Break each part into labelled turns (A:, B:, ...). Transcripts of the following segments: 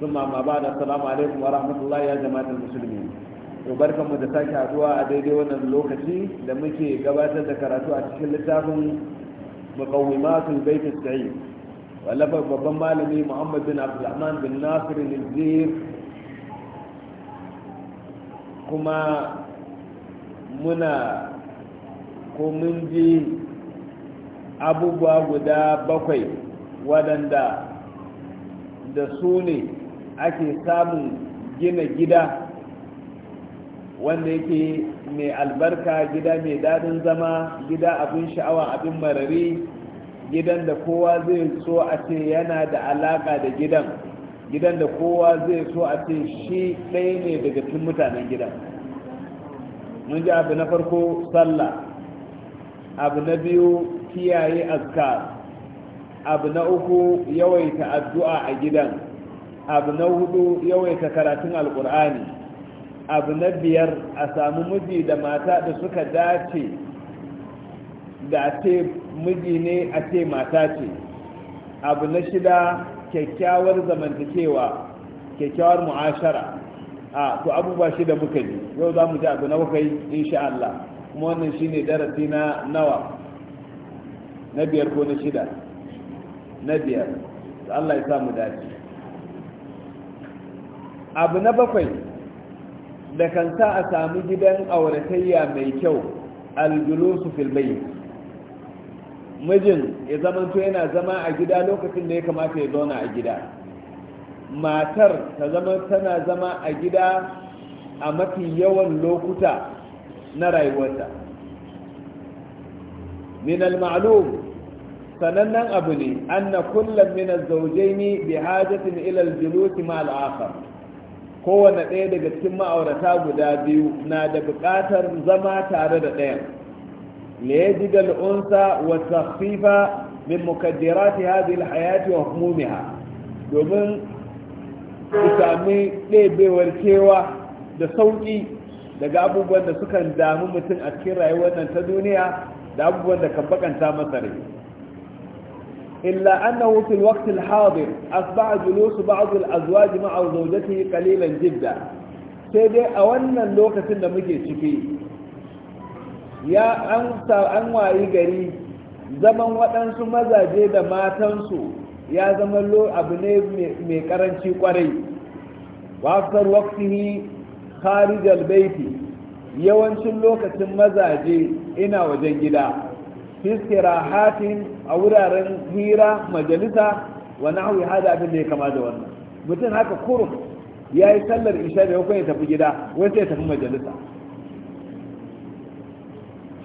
A: sun ma salamu alaikum wa rahmatullahi ya jama'atar musulmi to barkanmu da sake haduwa a daidai wannan lokaci da muke gabatar da karatu a cikin littafin mukawwima su baitin sai wallafa babban malami muhammad bin abdulrahman bin nasir bin kuma muna ko mun ji abubuwa guda bakwai wadanda da su ne ake samun gina gida wanda yake mai albarka gida mai daɗin zama gida abin sha'awa abin marari gidan da kowa zai so a ce yana da alaƙa da gidan gidan da kowa zai so a ce shi ɗaya ne daga cikin mutanen gidan mun ji abu na farko sallah abu na biyu kiyaye azkar abu na uku yawaita addu'a a gidan abu na hudu yawaita karatun alkur'ani abu na biyar a samu miji da mata da suka dace da ce miji ne a ce mata ce abu na shida kyakkyawar zamantakewa kyakkyawar mu'ashara a to abubuwa shida muka ji yau za mu ji abu na bakwai insha Allah kuma wannan shine darasi na nawa na biyar ko na shida na biyar Allah ya samu mu dace abu na bakwai da kan sa a sami gidan auratayya mai kyau aljulusu filbai mijin ya zamanto yana zama a gida lokacin da ya kamata ya zauna a gida matar ta zama tana zama a gida a mafi yawan lokuta na rayuwarta min al-ma'lum sanannen abu ne anna kullum min az-zawjayn bi hajatin ila al ma al-akhar kowane ɗaya daga cikin ma'aurata guda biyu na da buƙatar zama tare da ɗaya wa الأنثى min mukaddirati hadhihi هذه wa وهمومها domin su sami ɗebewar cewa da sauƙi daga abubuwan da sukan damu mutum a cikin rayuwar nan ta duniya da abubuwan da kan bakanta masa rai Illa إلا أنه في الوقت الحاضر أصبح جلوس بعض الأزواج مع زوجته قليلا جدا سيدي أولا اللوكة لمجي شفي يا An wayi gari zaman waɗansu mazaje da matansu ya zama abu ne mai ƙaranci ƙwarai wafsar waktihi kharijal baiti yawancin lokacin mazaje ina wajen gida fiskirahatin a wuraren hira majalisa wa nahwi hada abin da ya kama da wannan mutum haka kurum ya yi sallar isha da ya tafi gida wai sai ya tafi majalisa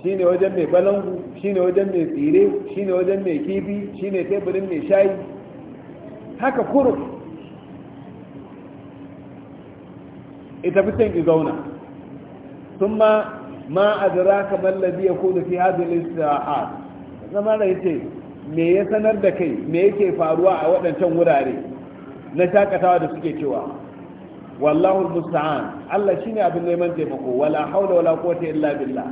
A: shine wajen mai balangu shine wajen mai tsire shine wajen mai kifi shine teburin mai shayi haka kurum ita fi can ki zauna sun ma ma adraka man ladhi yakunu fi hadhihi al-isti'ahat zama da me ya sanar da kai me yake faruwa a waɗancan wurare na shakatawa da suke cewa wallahu musta'an Allah shine abin neman taimako wala haula wala quwwata illa billah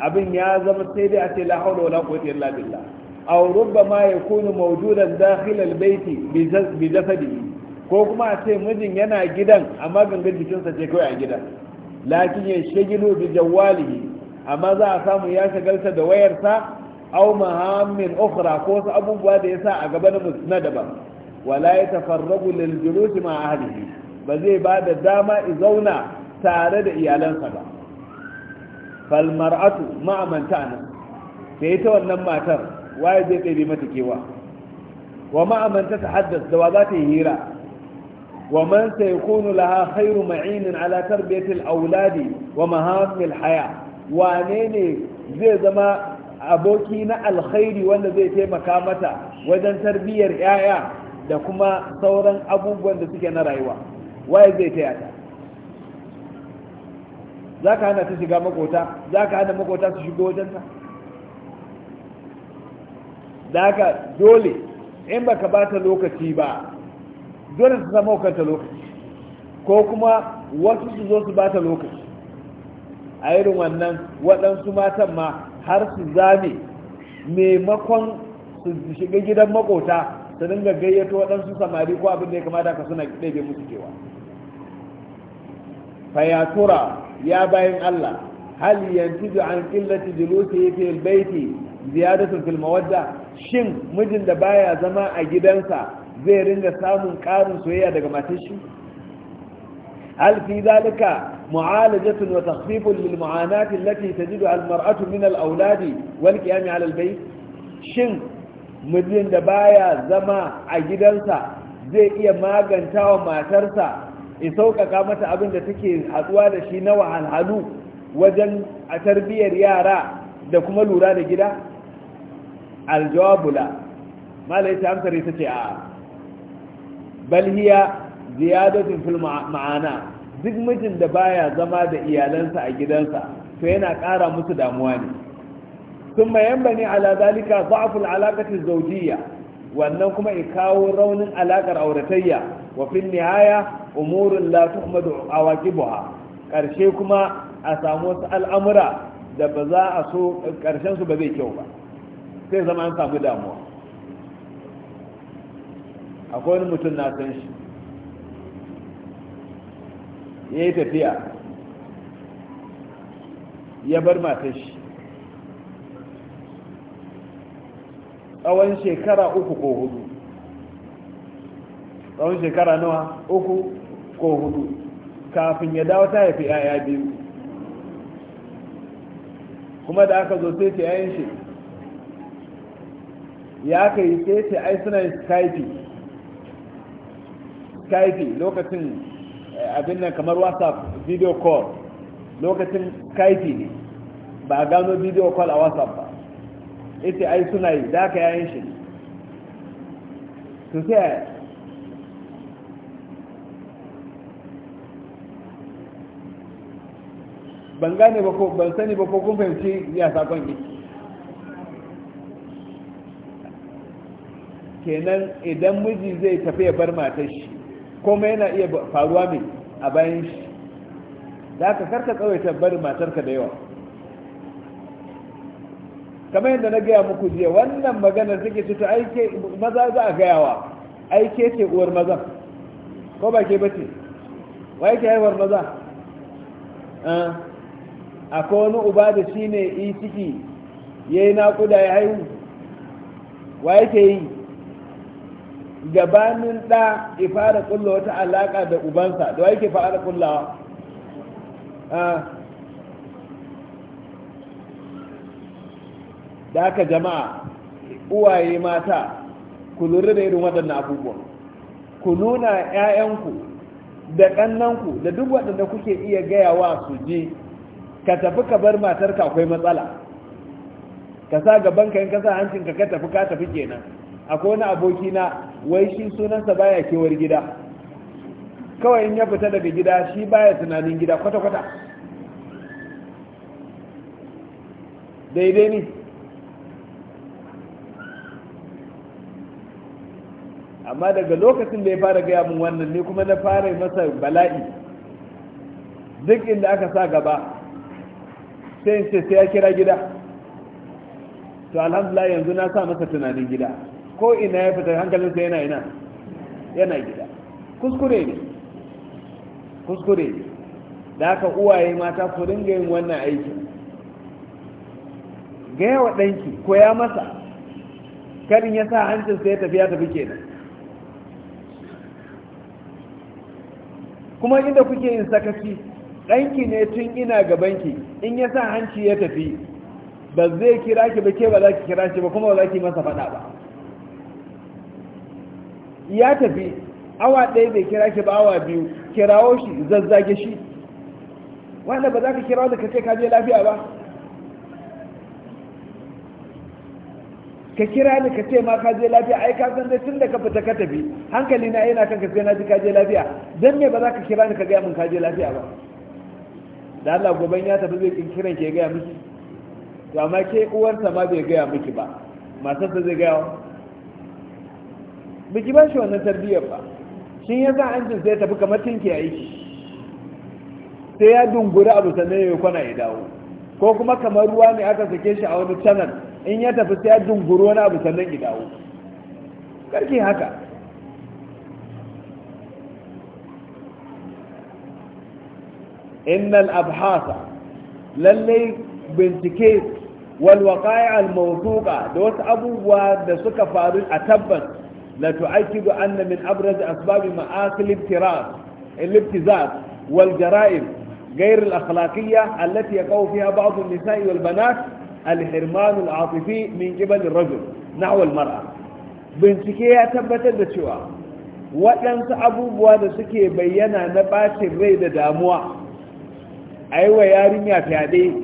A: abin ya zama sai dai a ce la haula wala quwwata illa billah aw rubbama yakunu mawjudan dakhil al bi jasadihi ko kuma a ce mijin yana gidan amma gangan jikinsa ce kawai a gidan lakin ya shagilu bi jawali, amma za a samu ya shagalta da wayarsa aw mahammin ukhra ko wasu abubuwa da yasa a gaba na daban wala ya tafarragu lil julus ma ahlihi ba zai ba da dama i zauna tare da iyalansa ba fal mar'atu ma man ta'na sai ta wannan matar waye zai kai mata kewa wa ma man ta tahaddas da wa za ta yi hira ومن سيكون لها خير معين wa تربية الأولاد ومهام الحياة وانيني زي زما أبوكينا الخير وانا زي تيما كامتا وزن تربية رئايا da kuma sauran abubuwan da suke na rayuwa waye zai taya ta za ka hana ta shiga makota za ka hana makota su shigo wajenta da dole in baka ba ta lokaci ba dole su samu kanta lokaci ko kuma wasu su zo su bata lokaci a irin wannan waɗansu matan ma har su zame maimakon su shiga gidan makota su dinga gayyato waɗansu samari ko abin da ya kamata ka suna ɗaiɗe musu cewa fayatura ya bayan Allah hal da an qillati ya fi albaiti ziyadatu fil shin mijin da baya zama a gidansa zai ringa samun ƙarin soyayya daga matan shi hal fi zalika mu'alajatun wa takhfifun lil mu'anati allati tajidu al mar'atu min al awladi wal qiyam ala al bayt shin mijin da baya zama a gidansa zai iya maganta matarsa ya sauƙaƙa mata abin da take haɗuwa da shi na wahalhalu wajen a tarbiyyar yara da kuma lura da gida aljawabula malai ta amsar ita ce a bal hiya ziyadatun fil ma'ana duk mijin da baya zama da iyalansa a gidansa to yana ƙara musu damuwa ne sun mayan bane ala zalika za'aful alaƙatin zaujiyya wannan kuma ya kawo raunin alaƙar auratayya wa fil nihaya umurun la tuhmadu awaqibuha karshe kuma a samu wasu al'amura da ba za a so karshen su ba zai kyau ba sai zama an samu damuwa akwai wani mutum na san shi ya yi tafiya ya bar matar shi tsawon shekara uku ko hudu tsawon shekara nawa uku ko hudu kafin ya dawo ta haifi 'ya'ya biyu kuma da aka zo sai ta yayin shi ya kai sai ta ai suna skype lokacin eh, abin nan kamar whatsapp video call lokacin skype ne ba a gano video call a whatsapp ba ita ai suna yi da aka yayin shi su sai ban gane ba ko ban sani ba ko kun fahimci ya sakon ki kenan idan miji zai tafi ya bar matar shi kuma yana iya faruwa mai a bayan shi da aka karka tsawaita barin matarka da yawa kamar yadda na gaya muku jiya wannan maganar take cuta aike maza za a gayawa aike ce uwar maza ko ba ke bace wa yake haihuwar maza A ah, wani uba da shi ne yi ciki ya yi naƙuda ya haihu wa yake yi gabanin ɗa ya fara kulla wata alaƙa da ubansa da wa yake fara kullawa ah. da ka jama'a uwaye mata ku lura da irin waɗannan abubuwan ku nuna 'ya'yanku da ƙannanku da duk waɗanda kuke iya gayawa su je. ka tafi ka bar matarka akwai matsala ka sa gaban ka in ka sa hancin ka ka tafi ka tafi kenan akwai wani aboki na wai shi sunansa baya kewar gida kawai in ya fita daga gida shi baya tunanin gida kwata-kwata daidai ne amma daga lokacin da ya fara gaya min wannan ne kuma na fara masa bala'i duk inda aka sa gaba sai sai ya kira gida to alhamdulillah yanzu na sa masa tunanin gida ko ina ya fita hankalinsa yana ina yana gida kuskure ne kuskure ne da aka uwaye mata ku dinga yin wannan aikin gaya wa ɗanki koya masa karin ya sa sai ya tafi ya tafi kenan kuma inda kuke yin sakaci ɗanki ne tun ina gabanki in ya sa hanci ya tafi ba zai kira ki ba ke ba za ki kira shi ba kuma ba za ki masa faɗa ba ya tafi awa ɗaya bai kira ki ba awa biyu kirawo shi zazzage shi wanda ba za ka kirawo da ka ka je lafiya ba ka kira ni ka ce ma ka je lafiya ai ka san dai tun da ka fita ka tafi hankali na yana ka sai na ji ka je lafiya dan me ba za ka kira ni ka gaya min ka je lafiya ba da Allah goban ya tafi zai kiran ke gaya miki to amma ke uwarsa ma bai gaya miki ba matarsa zai gaya biki ba shi wannan tarbiyyar ba Shin ya sa an sai tafi kamar tinki aiki sai ya dunguri abu sannan ya kwana ya dawo ko kuma kamar ruwa ne aka sake shi a wani canal in ya tafi sai ya dunguri wani abu sannan ya dawo karki haka innal abhasa lallai bincike walwaƙa'i al da wasu abubuwa da suka faru a tabbas la tu'akkidu anna min abraz asbab ma'asil ibtiraz الابتزاز والجرائم غير الأخلاقية التي يقع فيها بعض النساء والبنات الحرمان العاطفي من قبل الرجل نحو المرأة bincike ya tabbatar da cewa waɗansu abubuwa da suke bayyana na ɓacin rai da damuwa a yi wa yarinya fyaɗe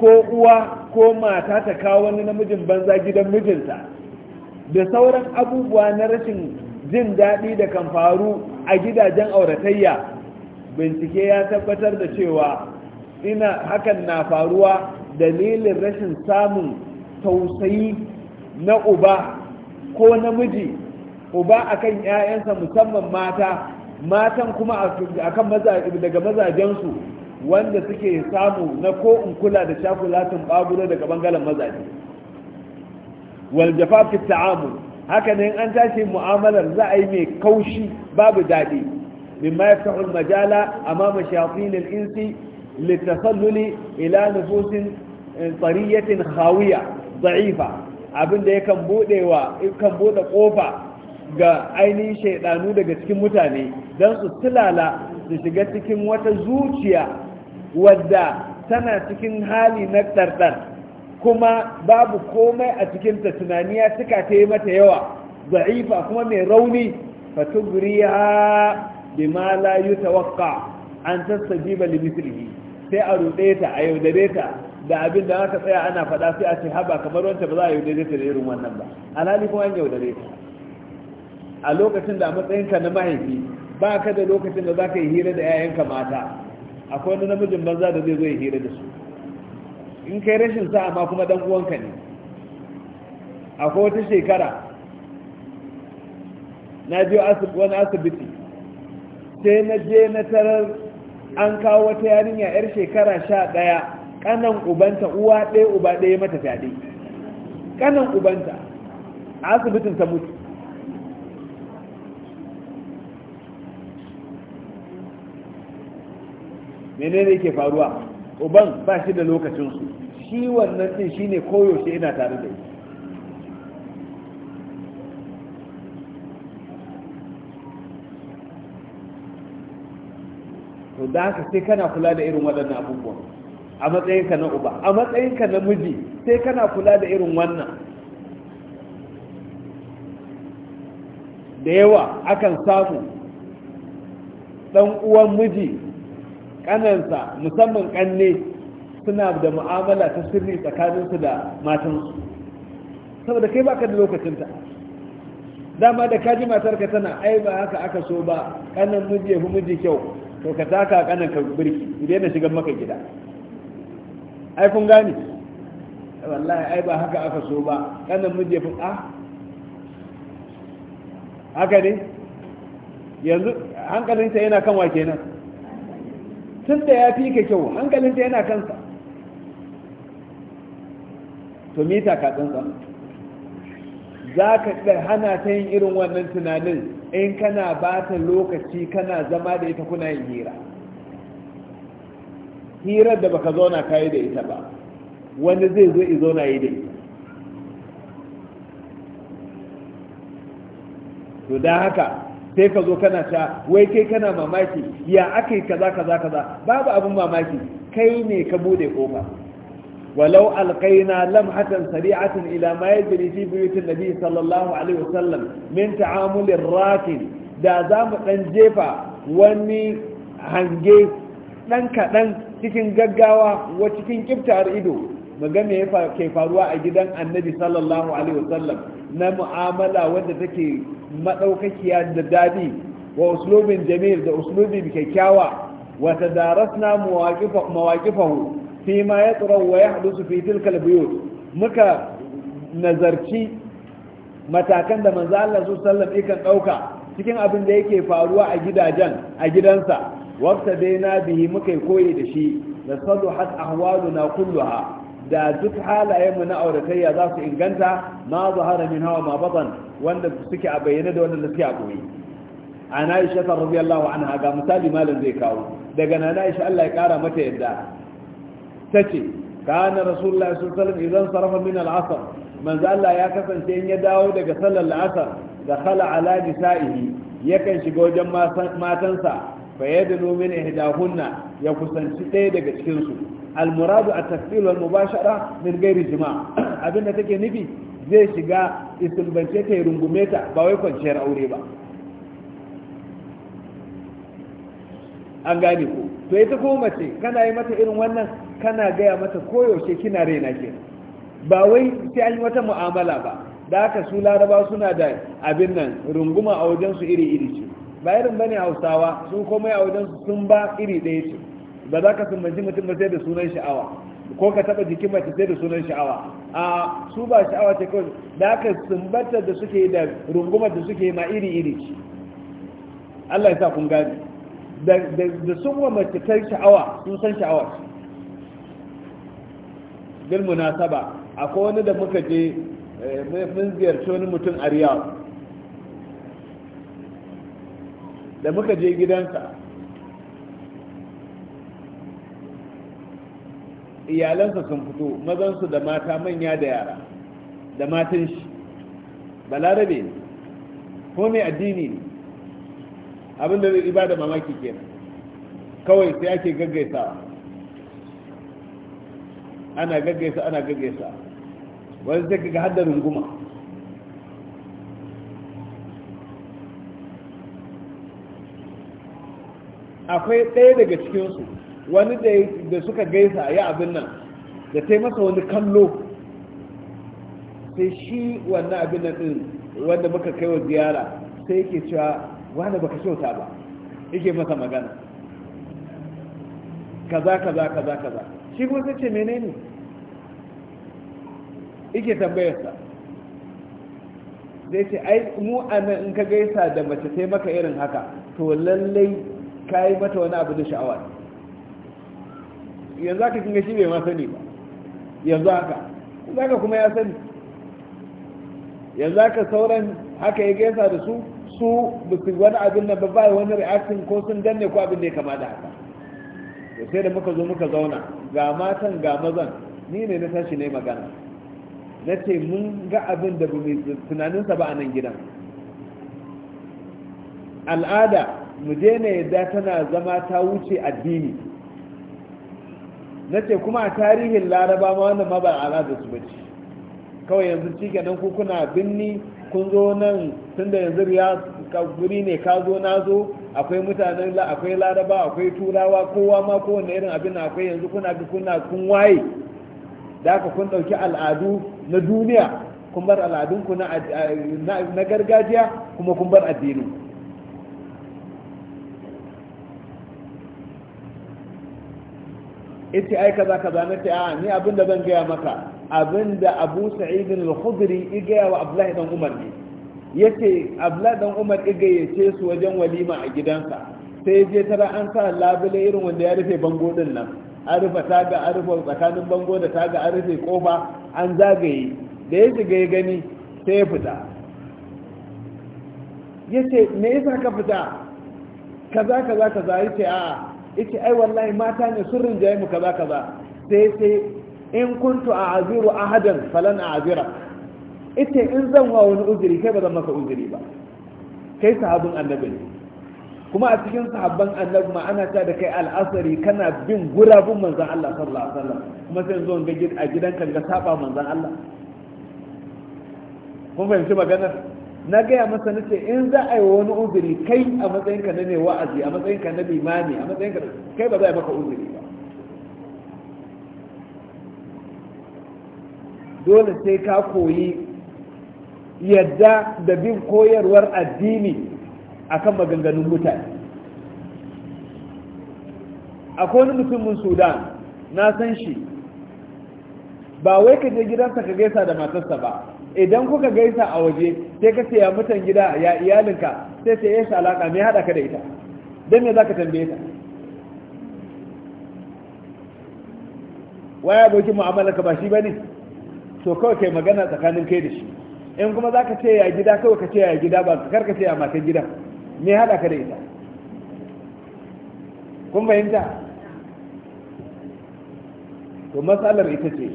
A: ko uwa ko mata ta kawo wani namijin banza gidan mijinta da sauran abubuwa na rashin jin daɗi da kan faru a gidajen auratayya bincike ya tabbatar da cewa ina hakan na faruwa dalilin rashin samun tausayi na uba ko namiji uba akan 'ya'yansa musamman mata matan kuma akan daga mazajensu wanda suke samu na ko in kula da shakulatin baguro daga bangaren mazaje wal jafa fi ta'amul haka ne an tashi mu'amalar za a yi mai kaushi babu daɗi mimma ya fahul majala amma insi al'insi litasalluli ila nufusin eh, tsariyatin hawiya za'ifa abinda yakan kan yakan buɗe ƙofa ga ainihin shaidanu daga cikin mutane don su tilala su shiga cikin wata zuciya wadda tana cikin hali na ɗarɗar kuma babu komai a cikin cikinta ya suka ta yi mata yawa za'ifa kuma mai rauni fatugriya bima la yutawaqqa an tasjiba li mithlihi sai a rude ta a yaudare ta da abin da aka tsaya ana faɗa sai a ce haba kamar wanda ba za a yaudare ta da irin wannan ba alhali kuma an yaudare ta a lokacin da a matsayinka na mahaifi ba ka da lokacin da za ka yi hira da 'ya'yanka mata akwai wani namijin banza da zai zo ya hira da su in kai rashin sa'a ma kuma dan uwanka ne akwai wata shekara na je wani asibiti sai na je na tarar an kawo wata yarinya yar shekara sha ɗaya kanan ubanta uwa ɗaya uba ɗaya mata fyaɗe kanan ubanta a asibitin ta mutu menene ke faruwa uban ba shi da lokacinsu shi wannan din shine koyaushe ina tare da shi to da haka sai kana kula da irin waɗannan abubuwan a matsayinka na uba a matsayinka na miji sai kana kula da irin wannan da yawa akan samu ɗan uwan miji kanansa musamman kanne suna da mu'amala ta sirri tsakaninsu da matansu saboda kai baka da lokacinta dama da kaji matarka tana ai ba haka aka so ba kanan miji ya fi miji kyau to ka taka kanan ka birki idan na shiga maka gida ai kun gane wallahi ai ba haka aka so ba kanan miji ya fi a ah, haka ne yanzu hankalinta yana kan wa kenan tun da ya fi ka kyau hankalinta yana kansa to mita ka za ka hana ta yin irin wannan tunanin in kana ba ta lokaci kana zama da ita kuna yin hira hirar da baka zauna kayi da ita ba wani zai zo i zauna yi da ita to da haka sai ka zo kana ta wai kai kana mamaki ya aka yi kaza kaza kaza babu abin mamaki kai ne ka bude kofa walau ألقينا lamhatan سريعة Ila, ما يجري في بيوت النبي sallallahu الله عليه وسلم من تعامل da za mu ɗan jefa wani hange ɗan kaɗan cikin gaggawa wa cikin ƙiftar ido mu ga me ke faruwa a gidan annabi sallallahu alaihi wasallam na mu'amala wadda take madaukakiya da dadi wa uslubin jamil da uslubi kyakkyawa wa tadarasna mawaqifahu mawaqifahu fi ma yatra wa yahdusu fi tilka albuyut muka nazarci matakan da manzo Allah sallallahu alaihi wasallam cikin abin da yake faruwa a gidajen a gidansa waqta dai na bihi muka koyi da shi da sadu hat na kulluha da duk halayenmu na auratayya za su inganta ma haramin min hawa ma batan wanda suke a bayyane da wanda suke a koyi an aisha ta radiyallahu an haga, misali malam zai kawo daga na aisha Allah ya kara mata yadda tace kana rasulullahi sallallahu alaihi wasallam idan sarafa min al manzo Allah ya kasance in ya dawo daga sallar al da dakhala ala nisa'ihi yakan shiga wajen matansa fa da min ihdahunna ya kusanci ɗaya daga cikin su al muradu at tafsil wal mubashara min ghairi jima' abinda take nufi zai shiga isulbance ta rungume ta ba wai kwanciyar aure ba an gane ku to ita ko mace kana yi mata irin wannan kana gaya mata koyaushe kina raina ke ba wai sai an yi wata mu'amala ba da haka su laraba suna da abin nan runguma a wajensu iri iri ce ba irin bane hausawa sun komai a wajen sun ba iri ɗaya ce ba za ka sumbanci mutum ba sai da sunan sha'awa ko ka taba jikin mace sai da sunan sha'awa a su ba sha'awa ce kawai da aka sumbata da suke yi da rungumar da suke yi ma iri iri ce Allah ya sa kun gane da sun wa mace ta sha'awa sun san sha'awa ce bil munasaba akwai wani da muka je eh, mun ziyarci wani mutum a riyadu da muka je gidansa iyalansa sun fito mazansu da mata manya da yara da matan shi balarabe ne ko mai addini ne abinda zai ba da mamaki kenan kawai sai ake gaggaisa. ana gaggaisa ana gaggaisa wani sai kaga haddar runguma akwai ɗaya daga cikinsu wani da suka gaisa ya abin nan da ta masa wani kallo sai shi wannan abin nan ɗin wanda muka kai wa ziyara sai yake cewa wani baka kyauta ba yake masa magana kaza kaza kaza kaza shi kuma sai ce ne? yake tambayarsa zai ce ai mu anan in ka gaisa da mace sai maka irin haka to lallai ka yi mata wani abu da sha'awa yanzu haka kinga shi bai ma sani ba yanzu haka yanzu haka kuma ya sani yanzu haka sauran haka ya gaisa da su su bisu wani abin nan ba ba wani reaction ko sun danne ko abin da ya kama da haka to sai da muka zo muka zauna ga matan ga mazan ni ne na tashi ne magana na ce mun ga abin da tunaninsa ba a nan gidan al'ada mu daina yadda tana zama ta wuce addini na ce kuma a tarihin laraba ma wannan ma ba al'adar su bace kawai yanzu cike nan ku kuna binni kun zo nan tun da yanzu ya guri ne ka zo na zo akwai mutanen la akwai laraba akwai turawa kowa ma kowane irin abin akwai yanzu kuna kuna kun waye da ka kun ɗauki al'adu na duniya kun bar al'adun ku na gargajiya kuma kun bar addinin ita ai kaza kaza na ce a ni abin da zan gaya maka abin da abu sa'idin al-khudri i gaya wa abdullahi dan umar ne yace abdullahi dan umar i ce su wajen walima a gidansa sai je tara an sa labule irin wanda ya rufe bango din nan an rufe taga an rufe tsakanin bango da taga an rufe kofa an zagaye da ya shiga ya gani sai ya fita yace me yasa ka fita kaza kaza kaza yace a'a yace ai wallahi mata ne sun rinjaye mu kaza kaza sai sai in kuntu aziru ahadan falan azira. ita in zan wa wani uzuri kai ba zan maka uzuri ba kai sahabin annabi ne kuma a cikin sahabban annabi ma ana ta da kai al'asari kana bin gurabun manzan Allah sallallahu alaihi wasallam kuma sai zo ga a gidanka ga saba manzan Allah kun fahimci maganar na gaya masa na ce in za a yi wani uzuri kai a matsayinka na mai wa'azi a matsayinka na limami a matsayinka kai ba za a yi maka uzuri ba dole sai ka koyi yadda da bin koyarwar addini a kan maganganun mutane akwai wani mutumin sudan na san shi ba wai ka je gidansa ka gaisa da matarsa ba idan kuka gaisa a waje sai ka ce ya mutan gida ya iyalinka sai sai yasa alaka me hada ka da ita dan me zaka tambaye ta waya abokin mu'amalarka ba shi bane to kawai kai magana tsakanin kai da shi in kuma zaka ce ya gida kawai ka ce ya gida ba ka karka ce ya matan gida me hada ka da ita kun fahimta to matsalar ita ce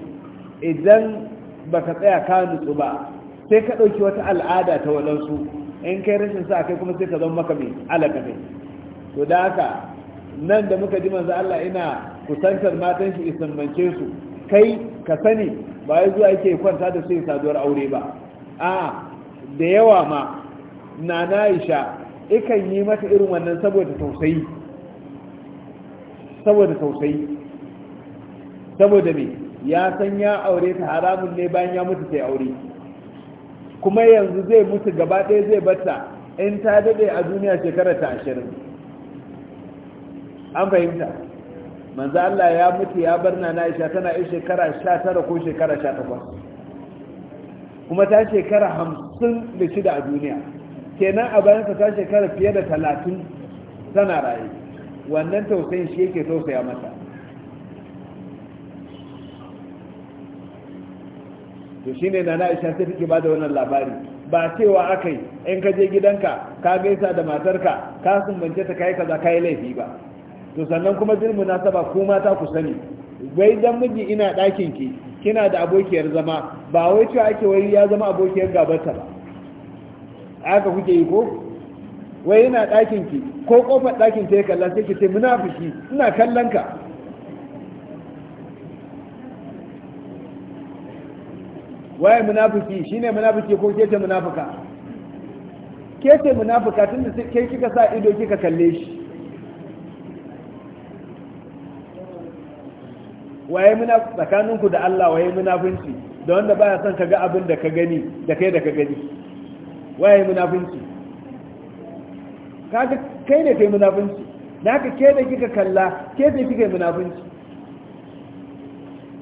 A: idan baka tsaya ka nutsu ba sai ka ɗauki wata al'ada ta waɗansu in kai rashin sa kai kuma sai ka zama maka mai alaka kai to da haka nan da muka ji manzo Allah ina kusantar matan shi isammance su kai ka sani ba ya zuwa yake kwanta da su saduwar aure ba a da yawa ma nana Aisha ikan yi mata irin wannan saboda tausayi saboda tausayi saboda me ya san ya aure ta haramun ne bayan ya mutu sai aure kuma yanzu zai mutu gaba ɗaya zai bata in ta daɗe a duniya shekara ta ashirin an fahimta manzo Allah ya mutu ya bar Nana Aisha tana yin shekara sha tara ko shekara sha takwas kuma ta shekara hamsin da shida a duniya kenan a bayansa ta shekara fiye da talatin tana raye wannan tausayin shi yake tausaya mata to ne na Aisha ta take ba da wannan labari ba cewa akai in ka je gidanka ka gaisa da matarka ka sumbance ta kai kaza kai laifi ba to sannan kuma na munasaba ku mata ku sani wai dan miji ina ɗakin ki kina da abokiyar zama ba wai cewa ake wai ya zama abokiyar gabarta ba haka kuke yi ko wai ina ɗakin ki ko kofar ɗakin ta ya kalla sai ki ce munafiki ina kallon ka waye munafiki shine munafiki ko ke ce munafika ke ce munafika tunda kai kika sa ido kika kalle shi waye tsakanin tsakaninku da Allah waye munafinci da wanda baya son kaga abin da ka gani da kai da ka gani waye munafinci kaga kai ne kai munafinci da haka ke da kika kalla ke da kika munafinci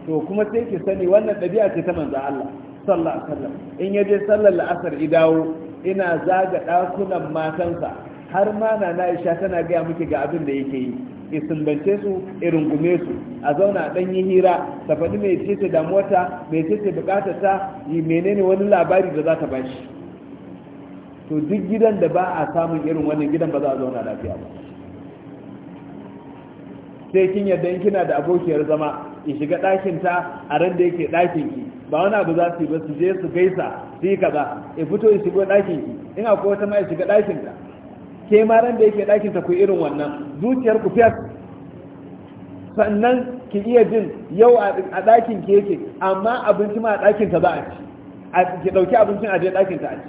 A: to kuma sai ki sani wannan ɗabi'a ce ta manzo Allah sallallahu in ya je sallar la'asar idawo ina zaga ɗakunan matansa har ma na Aisha tana gaya miki ga abin da yake yi isumbance su gume su a zauna a ɗanyi hira ta faɗi mai cece ta, mai cece buƙata ta yi menene wani labari da za ta bashi to duk gidan da ba a samun irin wannan gidan ba za a zauna lafiya ba sai kin yadda in kina da abokiyar zama in shiga ɗakin ta a ran da yake ɗakin ki ba wani abu za su yi ba su je su gaisa su yi kaza ya fito ya shigo ɗakin ki in akwai wata ma ya shiga ɗakin ka ke ma ran da yake ɗakin ta ku irin wannan zuciyar ku fiyar sannan ki iya jin yau a ɗakin ki yake amma abinci ma a ɗakin ta za a ci ki ɗauki abincin a je ɗakin ta a ci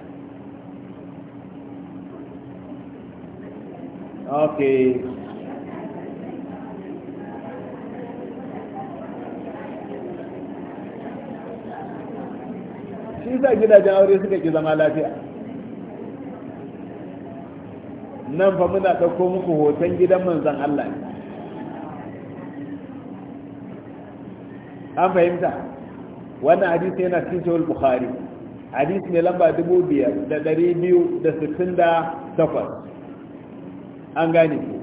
A: okay sa gidajen aure suka ki zama lafiya nan fa muna ɗauko muku hoton gidan manzan Allah an fahimta wannan hadisi yana cikin shawar bukhari hadisi ne lamba dubu biyar da ɗari biyu da sittin da takwas an gane ku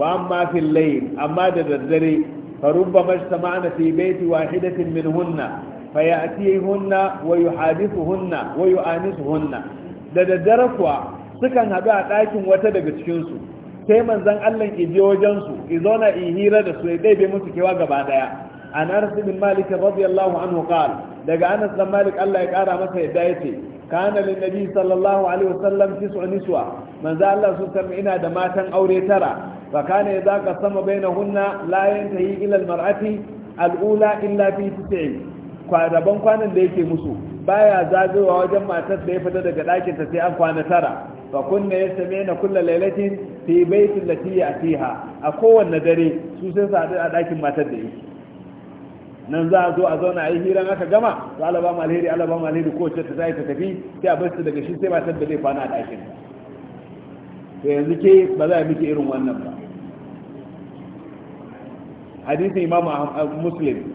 A: wa amma fil amma da daddare fa rubba majtama'na fi baiti wahidatin min hunna fayatihunna wa yuhadithuhunna wa yu'anisuhunna da daddare kuwa sukan haɗu a ɗakin wata daga cikin su sai manzon Allah ke je wajen su ki zauna in hira da su dai ɗebe musu kewa gaba daya an Anas bin Malik radiyallahu anhu qala daga Anas bin Malik Allah ya kara masa yadda yace kana lin nabi sallallahu alaihi wasallam tis'u niswa manzo Allah sun san ina da matan aure tara fa kana idza qasama bainahunna la yantahi ila al-mar'ati al-ula illa fi tis'in rabon kwanan da yake musu baya zagawa wajen matar da ya fita daga ɗakinta sai an kwana tara fa kunna yasmina kulla lailatin fi baitin lati yatiha a kowanne dare su sai su hadu a ɗakin matar da yake nan za a zo a zauna a yi hiran aka gama za alaba mu alheri alaba mu alheri kowace ta zai ta tafi sai a basu daga shi sai matar da zai kwana a ɗakin to yanzu ke ba za a miki irin wannan ba hadisin imamu muslim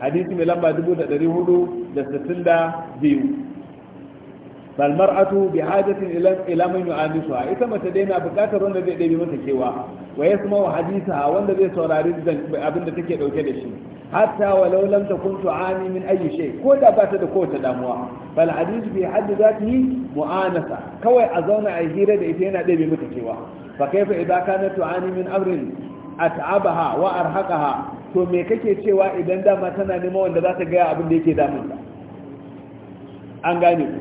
A: hadisi mai lamba 462 atu mar'atu bi hajatin ila ila man yu'anisuha ita mace dai na bukatar wanda zai ɗebe mata kewa wa yasma'u hadithaha wanda zai saurari abin take ɗauke da shi hatta walau lam takun tu'ani min ayi ko da bata da kowace damuwa bal hadithu fi haddi yi mu'anasa kawai a zauna a hira da ita yana ɗebe mata kewa fa kaifa idza kanat tu'ani min amrin at'abaha wa arhaqaha to me kake cewa idan dama tana nema wanda za ta gaya abin da yake damunta an gane ku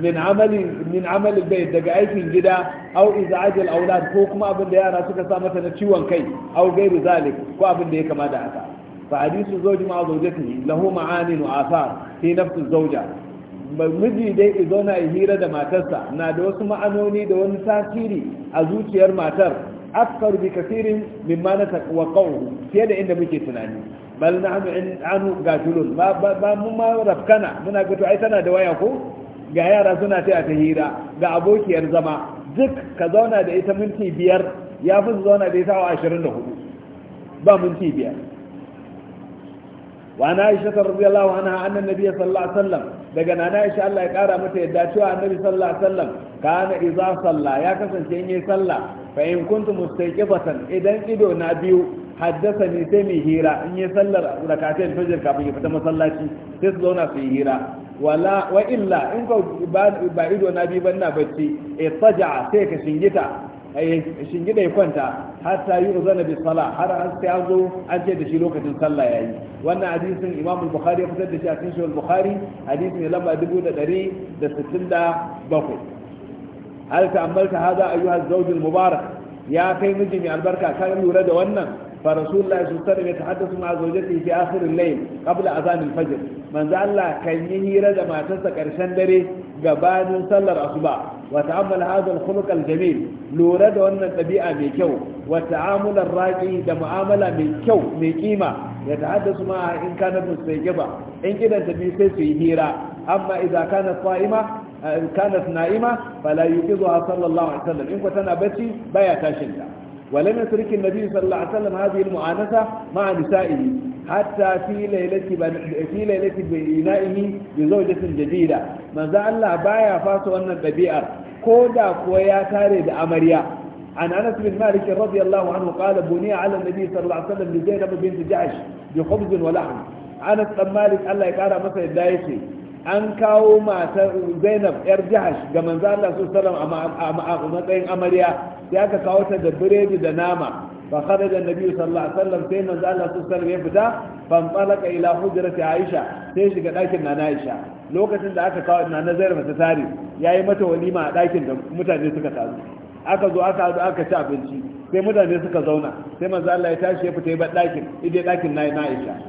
A: min amalin min bai daga aikin gida aw izajil aulad ko kuma abin da yara suka sa mata na ciwon kai aw gairu zalik ko abin da ya kama da haka fa hadisu zawji ma zawjatihi lahu ma'anin wa athar fi nafsi zawja miji dai izo na hira da matarsa na da wasu ma'anoni da wani tasiri a zuciyar matar akthar bi kathirin mimma natawaqqa fiye da inda muke tunani bal nahnu anhu gafilun ba ba mu muna ga ai tana da waya ko ga yara suna ta ta hira ga abokiyar zama duk ka zauna da ita minti biyar ya fi zauna da ita a 24 ba minti biyar wa na aisha radiyallahu anha annan nabi sallallahu alaihi wasallam daga nana aisha Allah ya kara mata yadda cewa annabi sallallahu alaihi wasallam kana idza salla ya kasance in yayi sallah fa in kuntu mustaqifatan idan ido na biyu haddasa ni sai mai hira in yi sallar rakatai fajr kafin ya fita masallaci sai su zauna su yi hira wala wa illa in ko ba ido na biyu ban na bacci ittaja sai ka shingita eh, shingida ya kwanta har ta yi uzana bi sala har an sai an zo an ce da shi lokacin sallah yayi wannan hadisin imamu bukhari ya fitar da shi a cikin shi bukhari hadisi ne lamba 1667 hal ta'ammalta haza ayyuha az mubarak ya kai miji mai albarka ka lura da wannan fa rasulullahi sallallahu alaihi wasallam ya tahaddathu ma'a zawjatihi fi akhir al-layl qabla azan al-fajr manzo Allah kan yi hira da matarsa karshen dare gabanin sallar asuba wa ta'ammal hadha al-khuluq al-jamil lura da wannan tabi'a mai kyau wa ta'amul ar-raqi da mu'amala mai kyau mai kima يتحدث معها إن كانت مستيقظة إن كده تبي سيسي هيرا أما إذا كانت صائمة kanat na'ima fala yuqidha sallallahu alaihi wasallam in ko tana bacci baya tashin ta ولم يترك النبي صلى الله عليه وسلم هذه المعانسة مع نسائه حتى في ليلة في ليلة بإنائه بزوجة جديدة ما زال لا بايا فاسو أن البديئة كودا كويا تارد أمريا عن أنس بن مالك رضي الله عنه قال بني على النبي صلى الله عليه وسلم لزينب بنت جعش بخبز ولحم أنس بن مالك الله يقال مثل الدايسي an kawo matar zainab yar jahash ga manzo Allah su sallam a matsayin amarya sai aka kawo ta da biredi da nama fa kharaja nabi sallallahu alaihi wasallam sai manzo Allah su sallam ya fita fa talaka ila hujrati aisha sai shiga dakin nana aisha lokacin da aka kawo nana zainab ta tare yayi mata walima a dakin da mutane suka tazo aka zo aka zo aka ci abinci sai mutane suka zauna sai manzo Allah ya tashi ya fita ya bar dakin idai dakin na aisha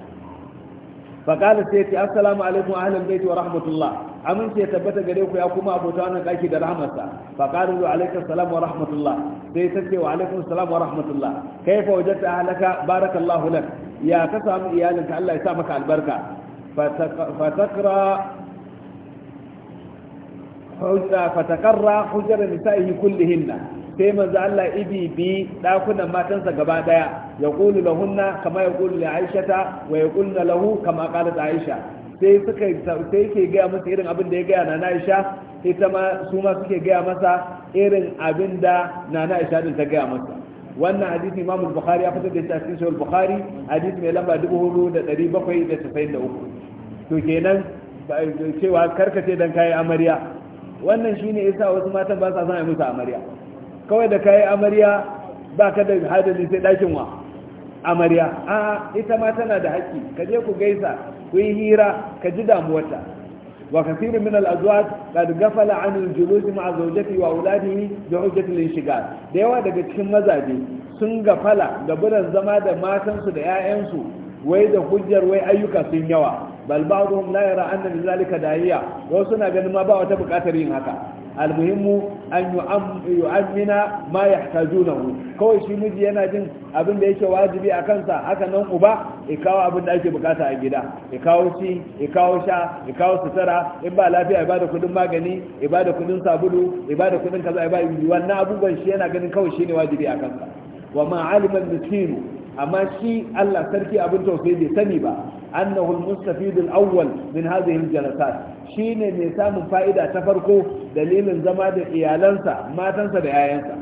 A: faƙalar sai ce assalamu alaikum ahalin baiti wa rahmatullah amince ya tabbata gare ku ya kuma abota wannan ɗaki da rahmatsa faƙalar salam wa rahmatullah sai ta ce wa alaikum salam wa rahmatullah ta barakallahu lak ya ka samu iyalinka allah ya sa maka albarka fatakra fatakarra hujjar nisa'ihi kullihinna sai manzo Allah ibi bi dakunan matansa gaba daya ya qulu lahunna kama ya qulu li aishata wa ya qulna lahu kama qalat aisha sai suka sai yake gaya masa irin abin da ya gaya na aisha ita ma su ma suke gaya masa irin abin da nana aisha din ta gaya masa wannan hadisi imamu bukhari ya fitar da shi a cikin sahih bukhari hadisi mai lamba 4793 to kenan cewa karkace dan kai amarya wannan shine yasa wasu matan ba sa son a musu amarya kawai da kayi amarya ba ka da hadari sai ɗakin wa amarya a ita ma tana da haƙƙi ka je ku gaisa ku yi hira ka ji damuwarta wa kasiru min al-azwaj qad ghafala an al ma'a zawjati wa auladihi bi hujjati al inshigal da yawa daga cikin mazaje sun gafala da buran zama da matansu da 'ya'yansu wai da hujjar wai ayyuka sun yawa bal ba'dhum la yara anna min zalika da'iya wasu na ganin ma ba wata buƙatar yin haka almuhimmu an yu'ammina ma yahtajunahu kawai shi miji yana jin abin da yake wajibi a kansa haka nan uba ya kawo abin da ake bukata a gida ya kawo shi, ya kawo sha ya kawo sutura in ba lafiya ya bada kudin magani ya bada kudin sabulu ya bada kudin kaza ya bada wannan abubuwan shi yana ganin kawai ne wajibi a kansa wa ma alima miskinu amma shi Allah sarki abin tausayi bai sani ba annahu al-mustafid al-awwal min hadhihi al-jalasat Shi ne mai samun fa'ida ta farko dalilin zama da iyalansa matansa da yayansa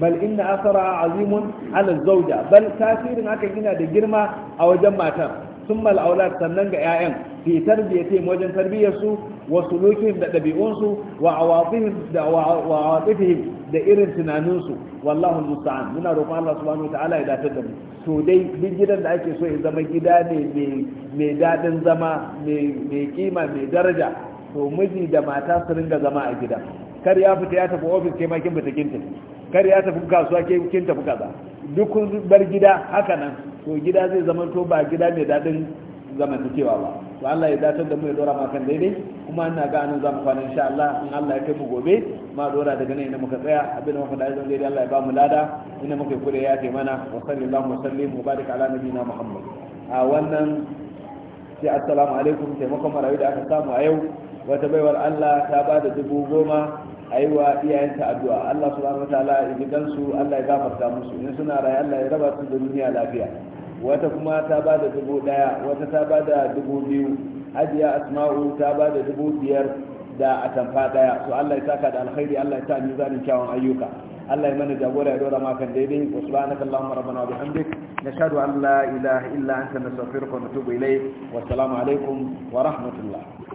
A: bal inna asara azimun ala zauja bal tasirin haka yana da girma a wajen matar sun mal'aulat sannan ga 'ya'yan fi tarbiyyate wajen tarbiyyarsu وسلوكهم ده da ɗabi'unsu وعواطفهم ده da wa والله المستعان irin tunaninsu الله سبحانه وتعالى roƙon Allah subhanahu wataala ya dace da mu to dai duk gidan da ake so ya zama gida ne mai daɗin zama mai kima mai daraja to miji da mata su ringa zama a gida kar ya fita ya tafi ofis kar ya tafi kasuwa duk bar gida haka nan to gida zai zama to ba gida mai daɗin zamantakewa ba to Allah ya dace da mu ya dora makan daidai kuma ina ga anan zamu kwana insha Allah in Allah ya kai mu gobe ma dora daga nan inda muka tsaya abin da muka da zan dai Allah ya ba mu lada inda muka kure ya kai mana wa sallallahu wa sallim wa barik ala nabina Muhammad a wannan sai assalamu alaikum taimakon marayu da aka samu a yau wata baiwar Allah ta ba da dubu goma a yi wa iyayenta addu'a Allah subhanahu ta'ala ya ji gansu Allah ya gafarta musu in suna raye Allah ya raba su da duniya lafiya wata kuma ta ba da dubu daya wata ta ba da dubu biyu hajiya asma'u ta ba da dubu biyar da atamfa daya to Allah ya saka da alkhairi Allah ya sa zanin kyawun ayyuka Allah ya mana jagora ya dora makan daidai wa subhanaka allahumma rabbana wa bihamdik nashhadu an la ilaha illa anta nastaghfiruka wa natubu ilayk wa assalamu alaikum wa rahmatullah